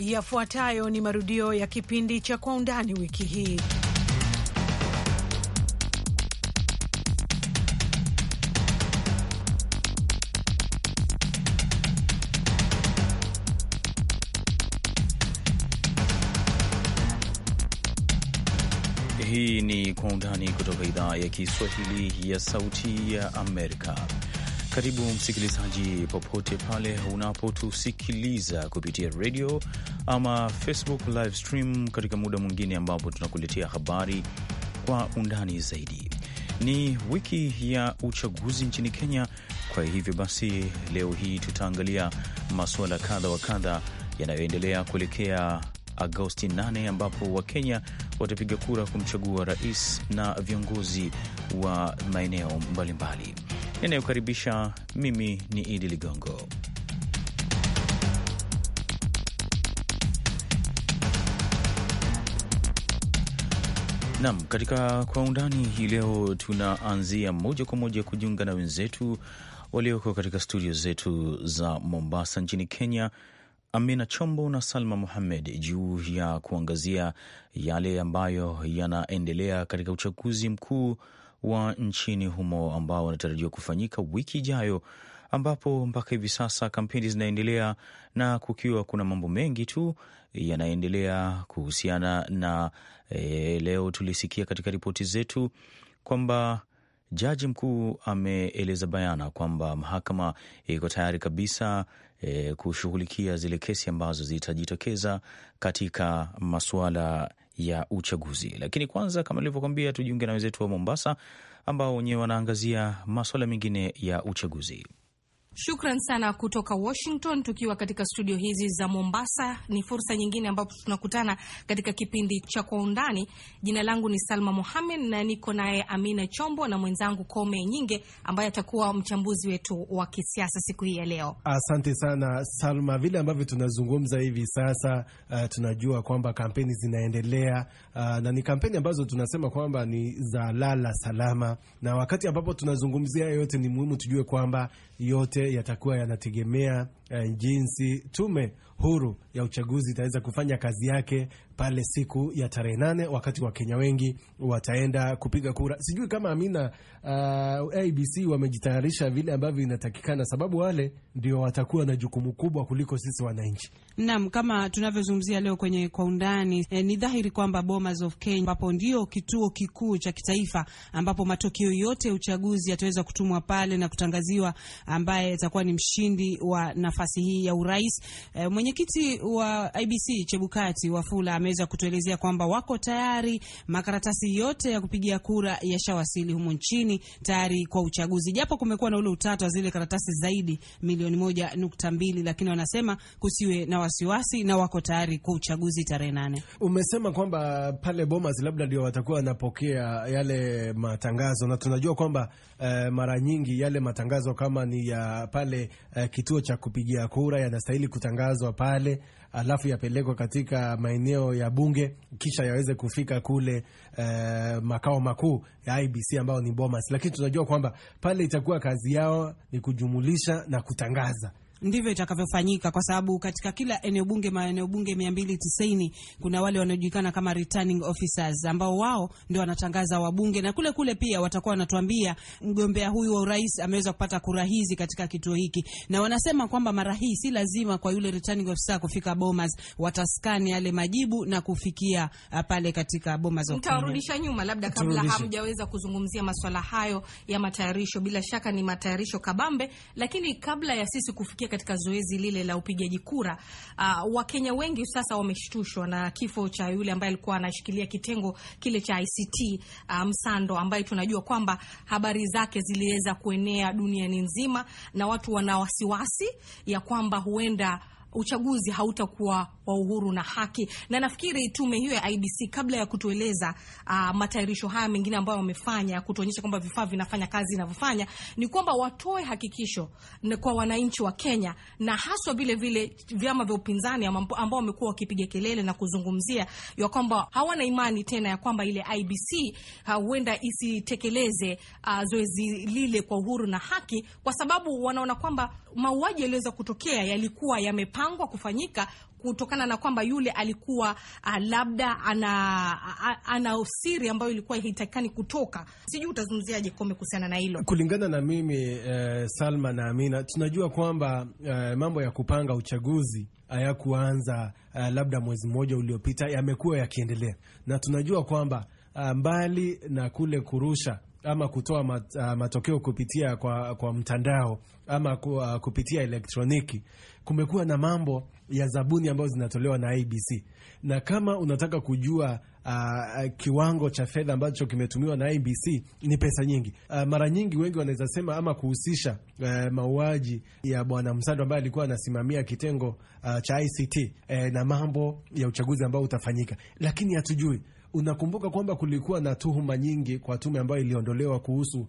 Yafuatayo ni marudio ya kipindi cha Kwa Undani wiki hii. Hii ni Kwa Undani kutoka idhaa ya Kiswahili ya Sauti ya Amerika. Karibu msikilizaji, popote pale unapotusikiliza kupitia radio ama Facebook live stream, katika muda mwingine ambapo tunakuletea habari kwa undani zaidi. Ni wiki ya uchaguzi nchini Kenya, kwa hivyo basi leo hii tutaangalia masuala kadha wa kadha yanayoendelea kuelekea Agosti 8 ambapo Wakenya watapiga kura kumchagua rais na viongozi wa maeneo mbalimbali mbali ninayokaribisha mimi ni Idi Ligongo. Nam, katika kwa undani hii leo tunaanzia moja kwa moja kujiunga na wenzetu walioko katika studio zetu za Mombasa nchini Kenya, Amina Chombo na Salma Muhammed juu ya kuangazia yale ambayo yanaendelea katika uchaguzi mkuu wa nchini humo ambao wanatarajiwa kufanyika wiki ijayo, ambapo mpaka hivi sasa kampeni zinaendelea na kukiwa kuna mambo mengi tu yanaendelea kuhusiana na e, leo tulisikia katika ripoti zetu kwamba jaji mkuu ameeleza bayana kwamba mahakama iko tayari kabisa e, kushughulikia zile kesi ambazo zitajitokeza katika masuala ya uchaguzi. Lakini kwanza, kama nilivyokwambia, tujiunge na wenzetu wa Mombasa ambao wenyewe wanaangazia maswala mengine ya uchaguzi. Shukran sana kutoka Washington. Tukiwa katika studio hizi za Mombasa, ni fursa nyingine ambapo tunakutana katika kipindi cha Kwa Undani. Jina langu ni Salma Mohamed na niko naye Amina Chombo na mwenzangu Kome Nyinge ambaye atakuwa mchambuzi wetu wa kisiasa siku hii ya leo. Asante sana Salma. Vile ambavyo tunazungumza hivi sasa, uh, tunajua kwamba kampeni zinaendelea, uh, na ni kampeni ambazo tunasema kwamba ni za lala salama, na wakati ambapo tunazungumzia yote, ni muhimu tujue kwamba yote yatakuwa yanategemea uh, jinsi tume huru ya uchaguzi itaweza kufanya kazi yake pale siku ya tarehe nane, wakati Wakenya wengi wataenda kupiga kura. Sijui kama Amina, uh, ABC wamejitayarisha vile ambavyo inatakikana, sababu wale ndio watakuwa na jukumu kubwa kuliko sisi wananchi. Naam, kama tunavyozungumzia leo kwenye kwa undani eh, ni dhahiri kwamba Bomas of Kenya ambapo ndio kituo kikuu cha kitaifa ambapo matokeo yote ya uchaguzi yataweza kutumwa pale na kutangaziwa ambaye atakuwa ni mshindi wa nafasi hii ya urais eh, mwenye Mwenyekiti wa IBC Chebukati Wafula ameweza kutuelezea kwamba wako tayari, makaratasi yote ya kupigia kura yashawasili humo nchini tayari kwa uchaguzi, japo kumekuwa na ule utata wa zile karatasi zaidi milioni moja nukta mbili, lakini wanasema kusiwe na wasiwasi na wako tayari kwa uchaguzi tarehe nane. Umesema kwamba pale Bomas labda ndio watakuwa wanapokea yale matangazo na tunajua kwamba eh, mara nyingi yale matangazo kama ni ya pale eh, kituo cha kupigia kura yanastahili kutangazwa pale, alafu yapelekwa katika maeneo ya bunge, kisha yaweze kufika kule eh, makao makuu ya IBC ambao ni Bomas. Lakini tunajua kwamba pale itakuwa kazi yao ni kujumulisha na kutangaza ndivyo itakavyofanyika, kwa sababu katika kila eneo bunge, maeneo bunge 290 kuna wale wanaojulikana kama returning officers ambao wao ndio wanatangaza wabunge, na kule kule pia watakuwa wanatuambia mgombea huyu wa urais ameweza kupata kura hizi katika kituo hiki, na wanasema kwamba mara hii si lazima kwa yule returning officer kufika Bomas, wataskani yale majibu na kufikia uh, pale katika Bomas. Mtarudisha nyuma labda, kabla hamjaweza kuzungumzia masuala hayo ya matayarisho, bila shaka ni matayarisho kabambe, lakini kabla ya sisi kufikia katika zoezi lile la upigaji kura uh, Wakenya wengi sasa wameshtushwa na kifo cha yule ambaye alikuwa anashikilia kitengo kile cha ICT uh, ah, Msando, ambaye tunajua kwamba habari zake ziliweza kuenea duniani nzima na watu wana wasiwasi ya kwamba huenda uchaguzi hautakuwa wa uhuru na haki. Na nafikiri tume hiyo ya IBC kabla ya kutueleza uh, matayarisho haya mengine ambayo wamefanya kutuonyesha kwamba vifaa vinafanya kazi inavyofanya, ni kwamba watoe hakikisho kwa wananchi wa Kenya na haswa vile vile vyama vya upinzani ambao wamekuwa wakipiga kelele na kuzungumzia ya kwamba hawana imani tena ya kwamba ile IBC ah, huenda uh, isitekeleze uh, zoezi lile kwa uhuru na haki, kwa sababu wanaona kwamba mauaji yaliyoweza kutokea yalikuwa yamepangwa yalipangwa kufanyika kutokana na kwamba yule alikuwa uh, labda ana, ana siri ambayo ilikuwa haitakikani kutoka. Sijui utazungumziaje Kombe kuhusiana na hilo? Kulingana na mimi eh, Salma na Amina, tunajua kwamba eh, mambo ya kupanga uchaguzi hayakuanza eh, labda mwezi mmoja uliopita, yamekuwa yakiendelea na tunajua kwamba ah, mbali na kule kurusha ama kutoa mat, uh, matokeo kupitia kwa, kwa mtandao ama ku, uh, kupitia elektroniki, kumekuwa na mambo ya zabuni ambazo zinatolewa na IBC, na kama unataka kujua uh, kiwango cha fedha ambacho kimetumiwa na IBC ni pesa nyingi. Uh, mara nyingi wengi wanaweza sema ama kuhusisha uh, mauaji ya Bwana Msando ambaye alikuwa anasimamia kitengo uh, cha ICT uh, eh, na mambo ya uchaguzi ambao utafanyika, lakini hatujui Unakumbuka kwamba kulikuwa na tuhuma nyingi kwa tume ambayo iliondolewa kuhusu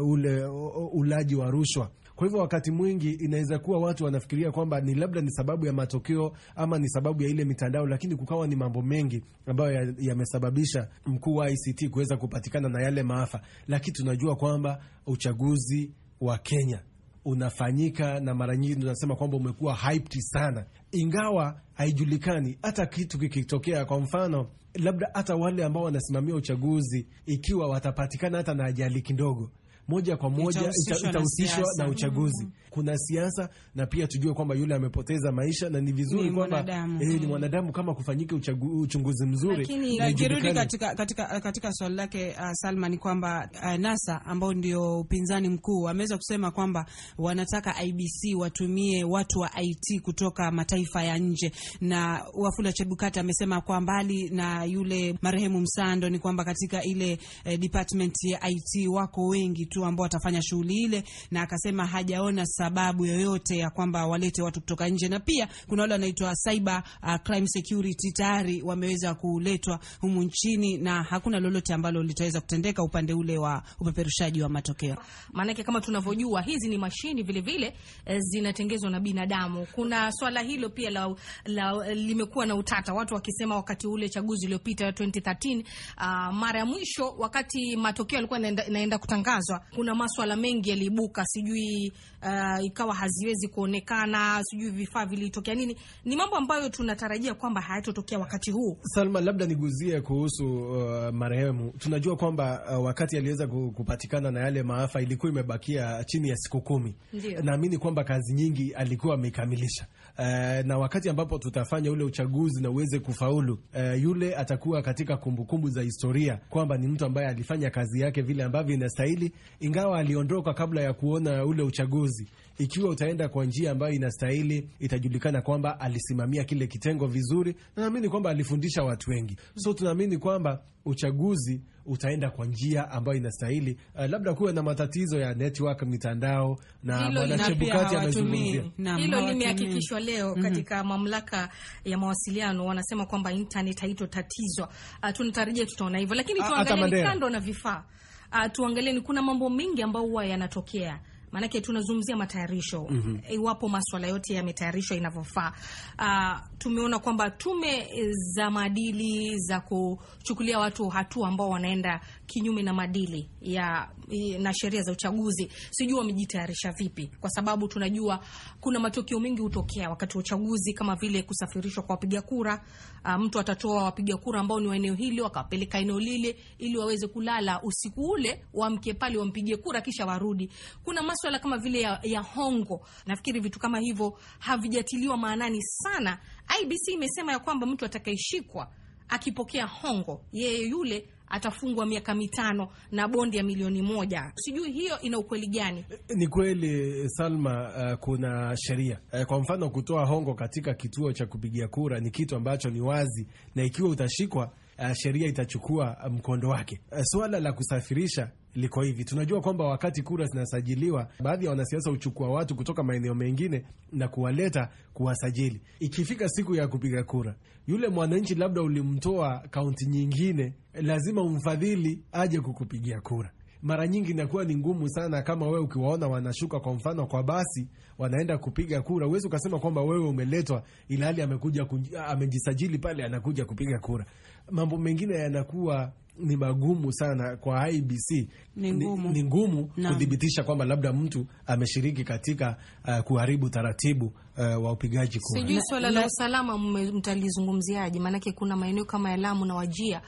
uh, ule ulaji wa rushwa. Kwa hivyo wakati mwingi inaweza kuwa watu wanafikiria kwamba ni labda ni sababu ya matokeo ama ni sababu ya ile mitandao, lakini kukawa ni mambo mengi ambayo yamesababisha mkuu wa ICT kuweza kupatikana na yale maafa. Lakini tunajua kwamba uchaguzi wa Kenya unafanyika na mara nyingi tunasema kwamba umekuwa hyped sana, ingawa haijulikani hata kitu kikitokea. Kwa mfano labda hata wale ambao wanasimamia uchaguzi, ikiwa watapatikana hata na ajali kidogo, moja kwa moja itahusishwa na, na uchaguzi mm -hmm. Kuna siasa na pia tujue kwamba yule amepoteza maisha na ni vizuri kwamba eh, ni mm-hmm. mwanadamu kama kufanyike uchunguzi mzuri. Nikirudi katika, katika, katika swali lake uh, Salma ni kwamba uh, NASA ambao ndio upinzani mkuu ameweza kusema kwamba wanataka IBC watumie watu wa IT kutoka mataifa ya nje, na Wafula Chebukati amesema kwa mbali na yule marehemu Msando ni kwamba katika ile eh, department ya IT wako wengi tu watu ambao watafanya shughuli ile, na akasema hajaona sababu yoyote ya kwamba walete watu kutoka nje, na pia kuna wale wanaitwa cyber uh, crime security tayari wameweza kuletwa humu nchini na hakuna lolote ambalo litaweza kutendeka upande ule wa upeperushaji wa matokeo. Maanake kama tunavyojua hizi ni mashini vile vile eh, zinatengenezwa na binadamu. Kuna swala hilo pia la, la, limekuwa na utata, watu wakisema wakati ule chaguzi uliopita 2013 uh, ah, mara ya mwisho wakati matokeo yalikuwa naenda, naenda kutangazwa kuna maswala mengi yaliibuka, sijui uh, ikawa haziwezi kuonekana, sijui vifaa vilitokea nini. Ni mambo ambayo tunatarajia kwamba hayatotokea wakati huu. Salma, labda niguzie kuhusu uh, marehemu. Tunajua kwamba uh, wakati aliweza kupatikana na yale maafa ilikuwa imebakia chini ya siku kumi. Naamini kwamba kazi nyingi alikuwa amekamilisha. Uh, na wakati ambapo tutafanya ule uchaguzi na uweze kufaulu, uh, yule atakuwa katika kumbukumbu kumbu za historia kwamba ni mtu ambaye alifanya kazi yake vile ambavyo inastahili ingawa aliondoka kabla ya kuona ule uchaguzi. Ikiwa utaenda kwa njia ambayo inastahili, itajulikana kwamba alisimamia kile kitengo vizuri, na naamini kwamba alifundisha watu wengi. So tunaamini kwamba uchaguzi utaenda kwa njia ambayo inastahili. Uh, labda kuwe na matatizo ya network mitandao, na Mwanachebukati amezungumzia hilo, limehakikishwa leo mm -hmm. Katika mamlaka ya mawasiliano wanasema kwamba internet haitotatizwa. Uh, tunatarajia tutaona hivyo, lakini tuangalie kando na vifaa uh, tuangalie ni kuna mambo mengi ambayo huwa yanatokea maanake tunazungumzia matayarisho mm -hmm. Iwapo maswala yote yametayarishwa inavyofaa. Uh, tumeona kwamba tume za maadili za kuchukulia watu hatua ambao wanaenda kinyume na madili ya na sheria za uchaguzi, sijui wamejitayarisha vipi, kwa sababu tunajua kuna matukio mengi hutokea wakati wa uchaguzi kama vile kusafirishwa kwa wapiga kura. Ah, mtu atatoa wapiga kura ambao ni wa eneo hili wakawapeleka eneo lile, ili waweze kulala usiku ule, wamke pale, wampige kura, kisha warudi. Kuna maswala kama vile ya, ya hongo. Nafikiri vitu kama hivyo havijatiliwa maanani sana. IBC imesema ya kwamba mtu atakayeshikwa akipokea hongo, yeye yule atafungwa miaka mitano na bondi ya milioni moja. Sijui hiyo ina ukweli gani? Ni kweli Salma, uh, kuna sheria uh, kwa mfano kutoa hongo katika kituo cha kupigia kura ni kitu ambacho ni wazi, na ikiwa utashikwa uh, sheria itachukua eh, mkondo wake. Uh, swala la kusafirisha liko hivi. Tunajua kwamba wakati kura zinasajiliwa, baadhi ya wanasiasa huchukua watu kutoka maeneo mengine na kuwaleta kuwasajili. Ikifika siku ya kupiga kura, yule mwananchi labda ulimtoa kaunti nyingine, lazima umfadhili aje kukupigia kura mara nyingi inakuwa ni ngumu sana. Kama wewe ukiwaona wanashuka, kwa mfano kwa basi, wanaenda kupiga kura, uwezi ukasema kwamba wewe umeletwa, ilhali amekuja amejisajili pale, anakuja kupiga kura. Mambo mengine yanakuwa ni magumu sana kwa IBC, ni ngumu, ni ngumu kuthibitisha kwamba labda mtu ameshiriki katika uh, kuharibu taratibu uh, wa upigaji kura. Sijui swala la usalama mtalizungumziaje? Maanake kuna maeneo kama ya Lamu na Wajia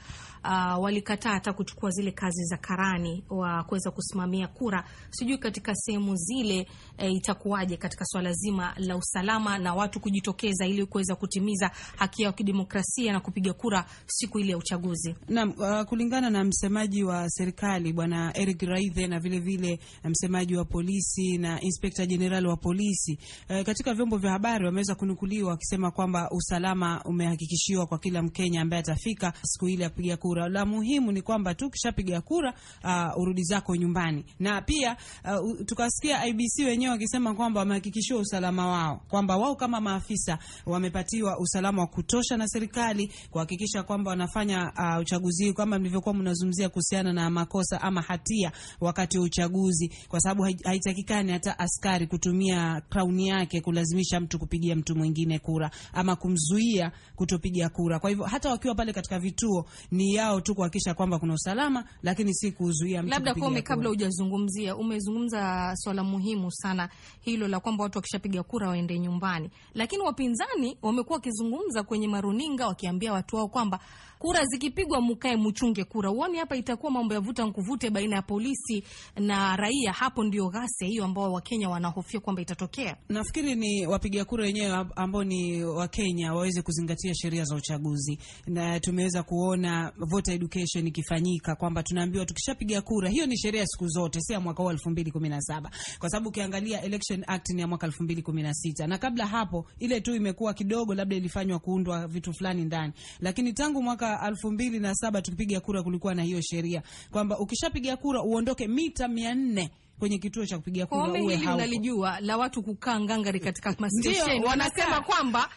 uh, walikataa hata kuchukua zile kazi za karani wa kuweza kusimamia kura. Sijui katika sehemu zile e, itakuwaje katika swala zima la usalama na watu kujitokeza ili kuweza kutimiza haki yao kidemokrasia na kupiga kura siku ile ya uchaguzi. Naam, uh, kulingana na msemaji wa serikali bwana Eric Raithe na vile vile msemaji wa polisi na inspekta jenerali wa polisi e, katika vyombo vya habari wameweza kunukuliwa wakisema kwamba usalama umehakikishiwa kwa kila Mkenya ambaye atafika siku ile apiga kura kura. La muhimu ni kwamba tu kishapiga kura uh, urudi zako nyumbani. Na pia uh, tukasikia IBC wenyewe wakisema kwamba wamehakikishiwa usalama wao, kwamba wao kama maafisa wamepatiwa usalama wa kutosha na serikali kuhakikisha kwamba wanafanya uh, uchaguzi kama mlivyokuwa mnazungumzia kuhusiana na makosa ama hatia wakati wa uchaguzi, kwa sababu haitakikani hata askari kutumia crown yake kulazimisha mtu kupigia mtu mwingine kura ama kumzuia kutopiga kura. Kwa hivyo hata wakiwa pale katika vituo ni ya yao tu kuhakikisha kwamba kuna usalama, lakini si kuzuia mtu. Labda kwa kabla hujazungumzia, umezungumza swala muhimu sana hilo la kwamba watu wakishapiga kura waende nyumbani, lakini wapinzani wamekuwa wakizungumza kwenye maruninga wakiambia watu wao kwamba kura zikipigwa mukae mchunge kura. Uone hapa itakuwa mambo ya vuta nkuvute baina ya polisi na raia. Hapo ndio ghasia hiyo ambao Wakenya wanahofia kwamba itatokea. Nafikiri ni wapiga kura wenyewe ambao ni Wakenya waweze kuzingatia sheria za uchaguzi, na tumeweza kuona voter education ikifanyika kwamba tunaambiwa tukishapiga kura, hiyo ni sheria siku zote, si ya mwaka huu 2017 kwa sababu ukiangalia Election Act ni ya mwaka 2016 na kabla hapo ile tu imekuwa kidogo, labda ilifanywa kuundwa vitu fulani ndani, lakini tangu mwaka mwaka elfu mbili na saba tukipiga kura kulikuwa na hiyo sheria kwamba ukishapiga kura uondoke mita mia nne kwenye kituo cha kupiga kura uwe hauko. Nalijua la watu kukaa ngangari katika mastation, wanasema kwamba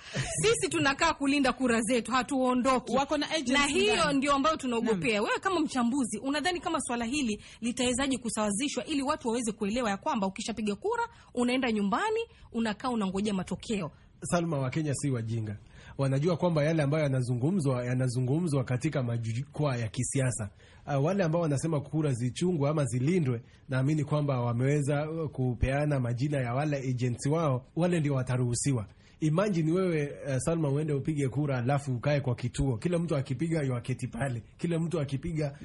sisi tunakaa kulinda kura zetu hatuondoki, wako na agency, na hiyo ndio ambayo tunaogopea. Wewe kama mchambuzi, unadhani kama swala hili litawezaje kusawazishwa ili watu waweze kuelewa ya kwamba ukishapiga kura unaenda nyumbani unakaa unangojea matokeo? Salma, Kenya si wajinga wanajua kwamba yale ambayo yanazungumzwa yanazungumzwa katika majukwaa ya kisiasa. Uh, wale ambao wanasema kura zichungwe ama zilindwe, naamini kwamba wameweza uh, kupeana majina ya wale agents wao, wale ndio wataruhusiwa. Imagine wewe uh, Salma uende upige kura alafu ukae kwa kituo, kila mtu akipiga yuaketi pale, kila mtu akipiga,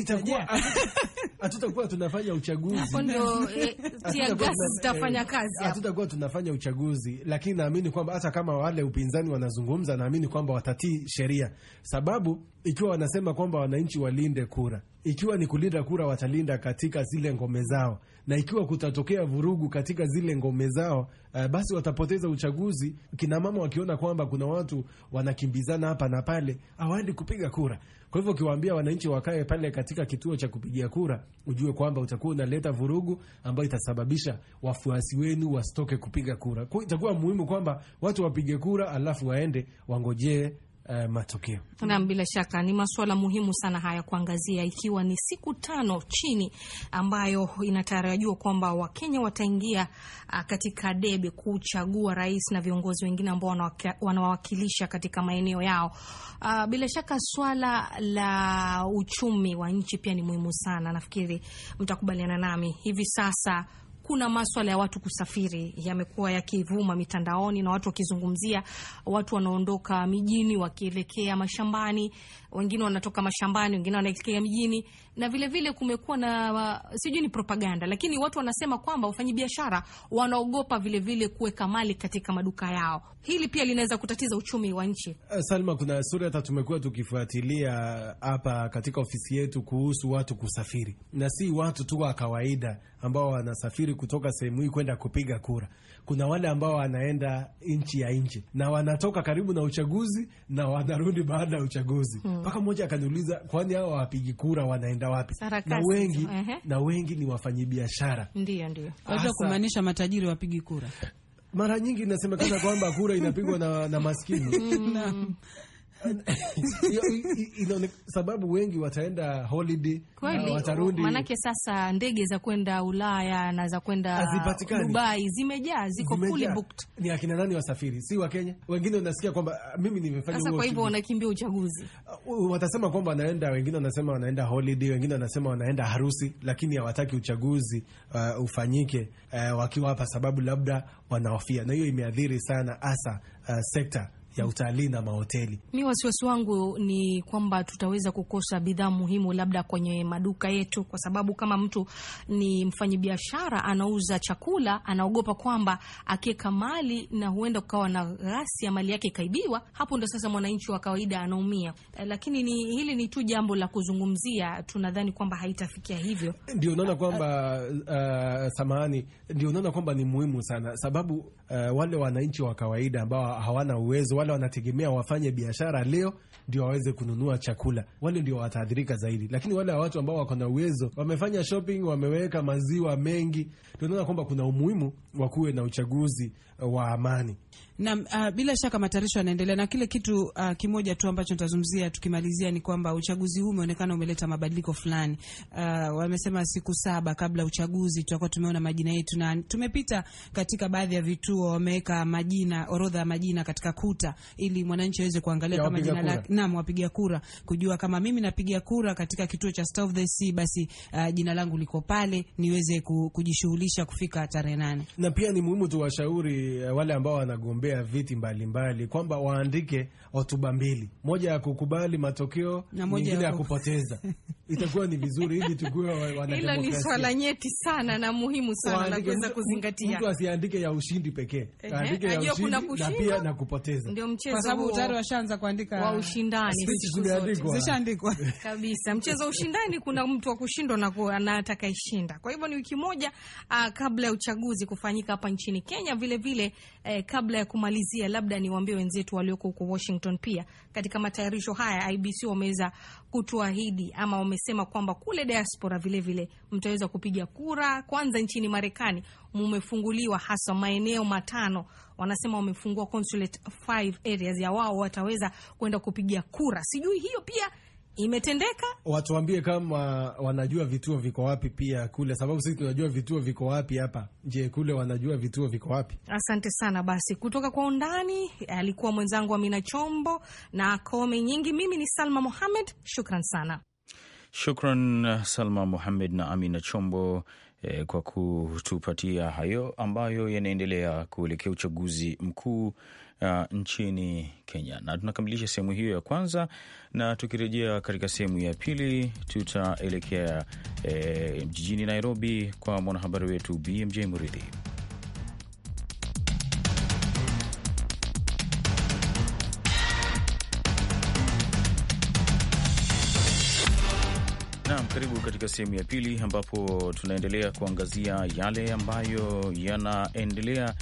itakuwa hatutakuwa tunafanya uchaguzi, eh, eh, hatutakuwa tunafanya uchaguzi. Lakini naamini kwamba hata kama wale upinzani wanazungumza, naamini kwamba watatii sheria, sababu ikiwa wanasema kwamba wananchi walinde kura, ikiwa ni kulinda kura, watalinda katika zile ngome zao na ikiwa kutatokea vurugu katika zile ngome zao, uh, basi watapoteza uchaguzi. Kina mama wakiona kwamba kuna watu wanakimbizana hapa na pale, hawaendi kupiga kura. Kwa hivyo ukiwaambia wananchi wakae pale katika kituo cha kupigia kura, ujue kwamba utakuwa unaleta vurugu ambayo itasababisha wafuasi wenu wasitoke kupiga kura. Kwa itakuwa muhimu kwamba watu wapige kura, alafu waende wangojee uh, matokeo. Naam, bila shaka ni masuala muhimu sana haya kuangazia, ikiwa ni siku tano chini ambayo inatarajiwa kwamba Wakenya wataingia uh, katika debe kuchagua rais na viongozi wengine ambao wanawakilisha katika maeneo yao. Uh, bila shaka swala la uchumi wa nchi pia ni muhimu sana, nafikiri mtakubaliana nami hivi sasa kuna maswala ya watu kusafiri yamekuwa yakivuma mitandaoni na watu wakizungumzia watu wanaondoka mijini wakielekea mashambani, wengine wanatoka mashambani, wengine wanaelekea mijini na vile vile kumekuwa na uh, sijui ni propaganda, lakini watu wanasema kwamba wafanyabiashara wanaogopa vile vile kuweka mali katika maduka yao. Hili pia linaweza kutatiza uchumi wa nchi. Eh, Salma, kuna sura hata tumekuwa tukifuatilia hapa katika ofisi yetu kuhusu watu kusafiri, na si watu tu wa kawaida ambao wanasafiri kutoka sehemu hii kwenda kupiga kura. Kuna wale ambao wanaenda nchi ya nje na wanatoka karibu na uchaguzi na wanarudi baada ya uchaguzi. Hmm. Mpaka hmm, mmoja akaniuliza kwani hao wapigi kura wanaenda wanaenda wapi? Na wengi uh -huh. na wengi ni wafanyibiashara ndio ndio hasa kumaanisha matajiri wapigi kura mara nyingi inasemekana kwamba kura inapigwa na, na maskini mm sababu wengi wataenda holiday kweli, watarudi. sasa ndege za kwenda Ulaya na za kwenda Dubai zimejaa, ziko fully booked. Ni akina nani wasafiri? Si wa Kenya wengine? Unasikia kwamba ah, mimi nimefanya sasa, kwa hivyo wanakimbia uchaguzi. Uh, watasema kwamba wanaenda, wengine wanasema wanaenda holiday, wengine wanasema wanaenda harusi, lakini hawataki uchaguzi uh, ufanyike uh, wakiwa hapa, sababu labda wanahofia, na hiyo imeathiri sana hasa uh, sekta ya utalii na mahoteli. Mi wasiwasi wangu ni kwamba tutaweza kukosa bidhaa muhimu labda kwenye maduka yetu, kwa sababu kama mtu ni mfanyabiashara anauza chakula, anaogopa kwamba akiweka mali na huenda kukawa na ghasi ya mali yake ikaibiwa. Hapo ndo sasa mwananchi wa kawaida anaumia, eh, lakini ni hili ni tu jambo la kuzungumzia. Tunadhani kwamba haitafikia hivyo, ndio unaona kwamba uh, samahani, ndio unaona kwamba ni muhimu sana sababu uh, wale wananchi wa kawaida ambao hawana uwezo wale wanategemea wafanye biashara leo ndio waweze kununua chakula, wale ndio wataathirika zaidi. Lakini wale watu ambao wako na uwezo wamefanya shopping, wameweka maziwa mengi, tunaona kwamba kuna umuhimu wa kuwe na uchaguzi wa amani. Na uh, ah, bila shaka matayarisho yanaendelea, na kile kitu uh, kimoja tu ambacho nitazungumzia tukimalizia ni kwamba uchaguzi huu umeonekana umeleta mabadiliko fulani. Uh, wamesema siku saba kabla uchaguzi tutakuwa tumeona majina yetu, na tumepita katika baadhi ya vituo, wameweka majina, orodha ya majina katika kuta, ili mwananchi aweze kuangalia kama jina lake, naam, wapiga kura, kujua kama mimi napiga kura katika kituo cha Star of the Sea, basi uh, jina langu liko pale niweze kujishughulisha kufika tarehe nane. Na pia ni muhimu tuwashauri Eh, wale ambao wanagombea viti mbalimbali mbali, kwamba waandike hotuba mbili, moja ya kukubali matokeo na nyingine ya kupoteza itakuwa ni vizuri ili tukue wanademokrasia. Hilo ni swala nyeti sana na muhimu sana na kuweza kuzingatia. Mtu asiandike ya ushindi pekee, aandike ya ushindi na pia na kupoteza, ndio mchezo, kwa sababu tayari washaanza kuandika wa ushindani, Sisi zishaandikwa kabisa. Mchezo wa ushindani, kuna mtu wa kushindwa na ishinda. Kwa hivyo ni wiki moja ah, kabla ya uchaguzi kufanyika hapa nchini Kenya vile vile vile eh, kabla ya kumalizia, labda niwaambie wenzetu walioko huko Washington, pia katika matayarisho haya IBC wameweza kutuahidi ama wamesema kwamba kule diaspora vile vile mtaweza kupiga kura. Kwanza nchini Marekani mumefunguliwa hasa maeneo matano, wanasema wamefungua consulate 5 areas ya wao wataweza kwenda kupiga kura. Sijui hiyo pia imetendeka. Watuambie kama wanajua vituo viko wapi pia kule, sababu sisi tunajua vituo viko wapi hapa. Je, kule wanajua vituo viko wapi? Asante sana. Basi kutoka kwa undani alikuwa mwenzangu Amina Chombo na kome nyingi. Mimi ni Salma Mohamed, shukran sana. Shukran uh, Salma Mohamed na Amina Chombo eh, kwa kutupatia hayo ambayo yanaendelea kuelekea uchaguzi mkuu uh, nchini Kenya. Na tunakamilisha sehemu hiyo ya kwanza, na tukirejea katika sehemu ya pili tutaelekea eh, jijini Nairobi kwa mwanahabari wetu BMJ Muridhi. Naam, karibu katika sehemu ya pili ambapo tunaendelea kuangazia yale ambayo yanaendelea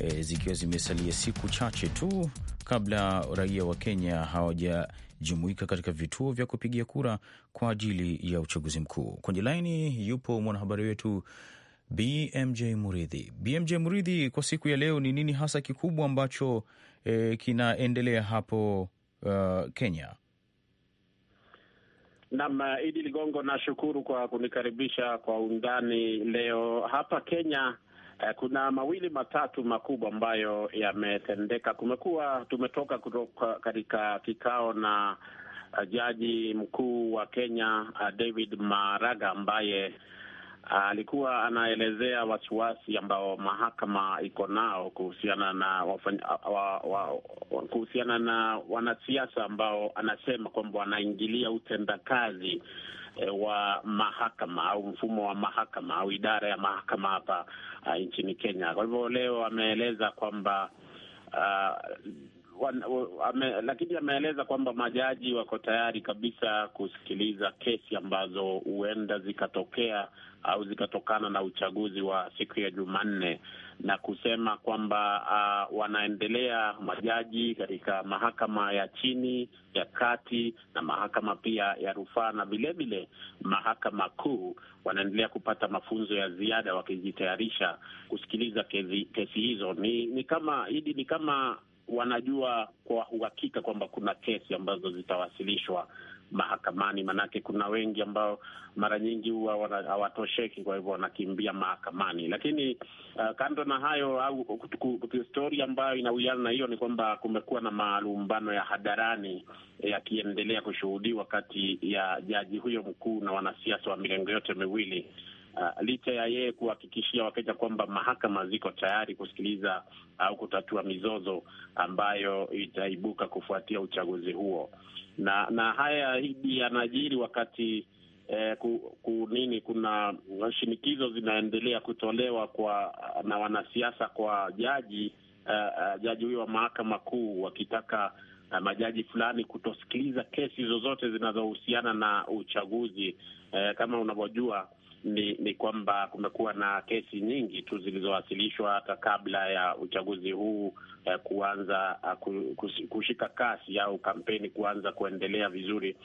e, zikiwa zimesalia siku chache tu kabla raia wa Kenya hawajajumuika katika vituo vya kupigia kura kwa ajili ya uchaguzi mkuu. Kwenye laini yupo mwanahabari wetu BMJ Muridhi. BMJ Muridhi, kwa siku ya leo ni nini hasa kikubwa ambacho e, kinaendelea hapo uh, Kenya? Nam Idi Ligongo, nashukuru kwa kunikaribisha kwa undani leo hapa Kenya. Eh, kuna mawili matatu makubwa ambayo yametendeka. Kumekuwa tumetoka kutoka katika kikao na eh, jaji mkuu wa Kenya eh, David Maraga ambaye alikuwa anaelezea wasiwasi ambao mahakama iko nao kuhusiana na wa, wa, wa, kuhusiana na wanasiasa ambao anasema kwamba wanaingilia utendakazi Eh, wa mahakama au mfumo wa mahakama au idara ya mahakama hapa uh, nchini Kenya. Kwa hivyo leo ameeleza kwamba uh, wan, wame, lakini ameeleza kwamba majaji wako tayari kabisa kusikiliza kesi ambazo huenda zikatokea au zikatokana na uchaguzi wa siku ya Jumanne na kusema kwamba uh, wanaendelea majaji katika mahakama ya chini ya kati na mahakama pia ya rufaa na vilevile mahakama kuu wanaendelea kupata mafunzo ya ziada wakijitayarisha kusikiliza kezi, kesi hizo. Ni, ni kama hili ni kama wanajua kwa uhakika kwamba kuna kesi ambazo zitawasilishwa mahakamani, manake kuna wengi ambao mara nyingi huwa hawatosheki, kwa hivyo wanakimbia mahakamani. Lakini uh, kando na hayo au stori ambayo inawiana na hiyo ni kwamba kumekuwa na malumbano ya hadharani eh, yakiendelea kushuhudiwa kati ya jaji huyo mkuu na wanasiasa wa mirengo yote miwili uh, licha ya yeye kuhakikishia Wakenya kwamba mahakama ziko tayari kusikiliza au kutatua mizozo ambayo itaibuka kufuatia uchaguzi huo, na na haya hidi yanajiri wakati Eh, ku, ku nini kuna shinikizo zinaendelea kutolewa kwa na wanasiasa kwa jaji uh, uh, jaji huyo wa mahakama kuu wakitaka uh, majaji fulani kutosikiliza kesi zozote zinazohusiana na uchaguzi. Eh, kama unavyojua ni ni kwamba kumekuwa na kesi nyingi tu zilizowasilishwa hata kabla ya uchaguzi huu eh, kuanza uh, kushika kasi au kampeni kuanza kuendelea vizuri,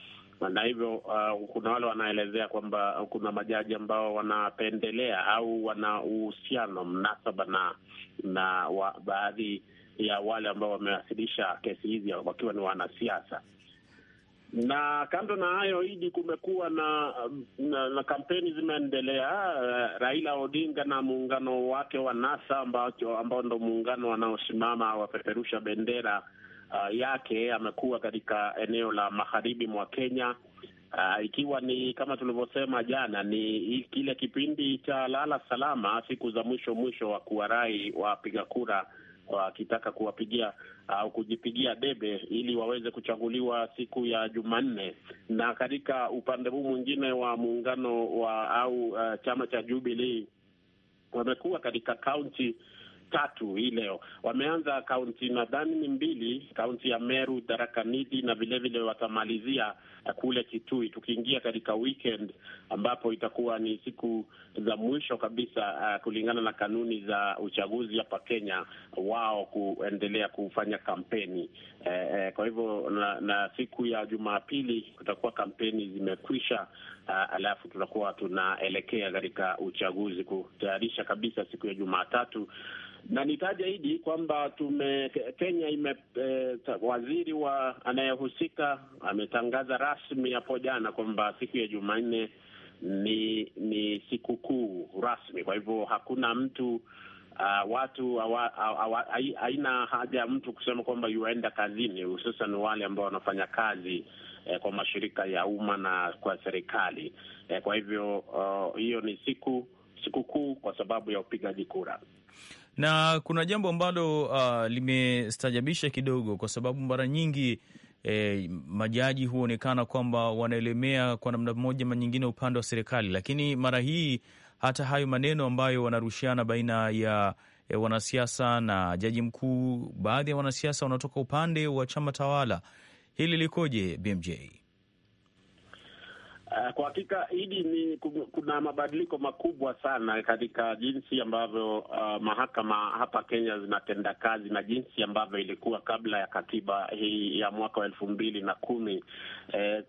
na hivyo uh, kuna wale wanaelezea kwamba kuna majaji ambao wanapendelea au wana uhusiano mnasaba na na wa, baadhi ya wale ambao wamewasilisha kesi hizi wakiwa ni wanasiasa na kando na hayo idi kumekuwa na, na, na kampeni zimeendelea. Raila Odinga na muungano wake wa NASA ambao ndo muungano wanaosimama wapeperusha bendera uh, yake amekuwa katika eneo la magharibi mwa Kenya uh, ikiwa ni kama tulivyosema jana, ni kile kipindi cha lala salama, siku za mwisho mwisho wa kuwarai wapiga kura wakitaka kuwapigia au uh, kujipigia debe ili waweze kuchaguliwa siku ya Jumanne. Na katika upande huu mwingine wa muungano wa au uh, chama cha Jubilee wamekuwa katika kaunti tatu hii leo. Wameanza kaunti nadhani ni mbili, kaunti ya Meru, Tharaka Nithi na vilevile watamalizia kule Kitui, tukiingia katika weekend ambapo itakuwa ni siku za mwisho kabisa uh, kulingana na kanuni za uchaguzi hapa Kenya, wao kuendelea kufanya kampeni eh, eh, kwa hivyo na, na siku ya Jumapili kutakuwa kampeni zimekwisha alafu tutakuwa tunaelekea katika uchaguzi kutayarisha kabisa siku ya Jumatatu na nitaja hidi kwamba tume Kenya ime e, waziri wa anayehusika ametangaza rasmi hapo jana kwamba siku ya Jumanne ni ni sikukuu rasmi. Kwa hivyo hakuna mtu uh, watu haina haja ya mtu kusema kwamba yuaenda kazini, hususan wale ambao wanafanya kazi eh, kwa mashirika ya umma na kwa serikali eh, kwa hivyo oh, hiyo uh, ni siku sikukuu kwa sababu ya upigaji kura na kuna jambo ambalo uh, limestajabisha kidogo, kwa sababu mara nyingi eh, majaji huonekana kwamba wanaelemea kwa namna moja ma nyingine upande wa serikali, lakini mara hii hata hayo maneno ambayo wanarushiana baina ya E, wanasiasa na jaji mkuu, baadhi ya wanasiasa wanatoka upande wa chama tawala hili likoje, BMJ? Uh, ah, kwa hakika hili ni kuna mabadiliko makubwa sana katika jinsi ambavyo uh, mahakama hapa Kenya zinatenda kazi na jinsi ambavyo ilikuwa kabla ya katiba hii ya mwaka wa elfu mbili na kumi. Eh,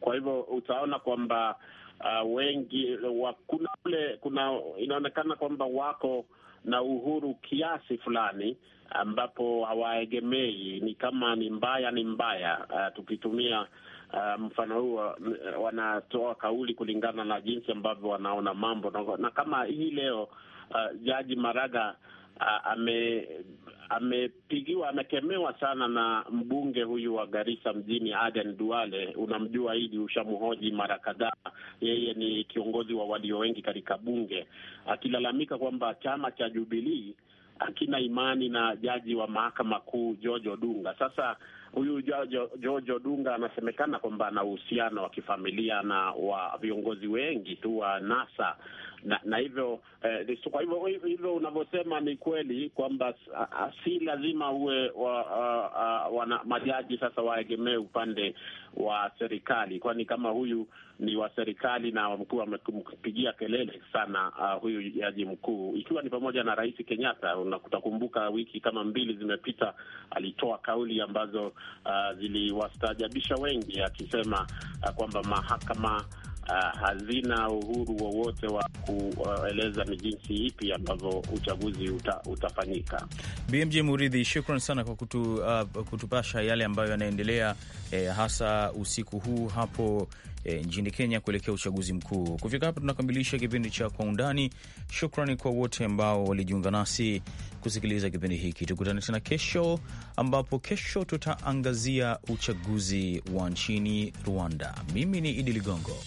kwa hivyo utaona kwamba Uh, wengi wa, kuna ule kuna inaonekana kwamba wako na uhuru kiasi fulani, ambapo hawaegemei. Ni kama ni mbaya ni mbaya, uh, tukitumia Uh, mfano huo ah, wanatoa kauli kulingana na jinsi ambavyo wanaona mambo na, na kama hii leo uh, Jaji Maraga ame amekemewa sana na mbunge huyu wa Garissa mjini Aden Duale. Unamjua hili, ushamhoji mara kadhaa. Yeye ni kiongozi wa walio wengi katika bunge, akilalamika kwamba chama cha jubilii akina imani na jaji wa mahakama kuu George Odunga. Sasa huyu George Odunga anasemekana kwamba ana uhusiano wa kifamilia na wa viongozi wengi tu wa NASA na, na hivyo eh, kwa hivyo hivyo unavyosema ni kweli kwamba si lazima uwe wa, wa, wa, wa, majaji sasa waegemee upande wa serikali, kwani kama huyu ni wa serikali na mkuu amempigia kelele sana uh, huyu jaji mkuu, ikiwa ni pamoja na Rais Kenyatta. Unakutakumbuka wiki kama mbili zimepita alitoa kauli ambazo uh, ziliwastajabisha wengi akisema uh, kwamba mahakama Ah, hazina uhuru wowote wa kueleza ni jinsi ipi ambavyo uchaguzi uta, utafanyika. BMJ Muridhi, shukran sana kwa kutu, uh, kutupasha yale ambayo yanaendelea eh, hasa usiku huu hapo eh, nchini Kenya kuelekea uchaguzi mkuu. Kufika hapa tunakamilisha kipindi cha Kwa Undani. Shukrani kwa wote ambao walijiunga nasi kusikiliza kipindi hiki. Tukutane tena kesho, ambapo kesho tutaangazia uchaguzi wa nchini Rwanda. Mimi ni Idi Ligongo.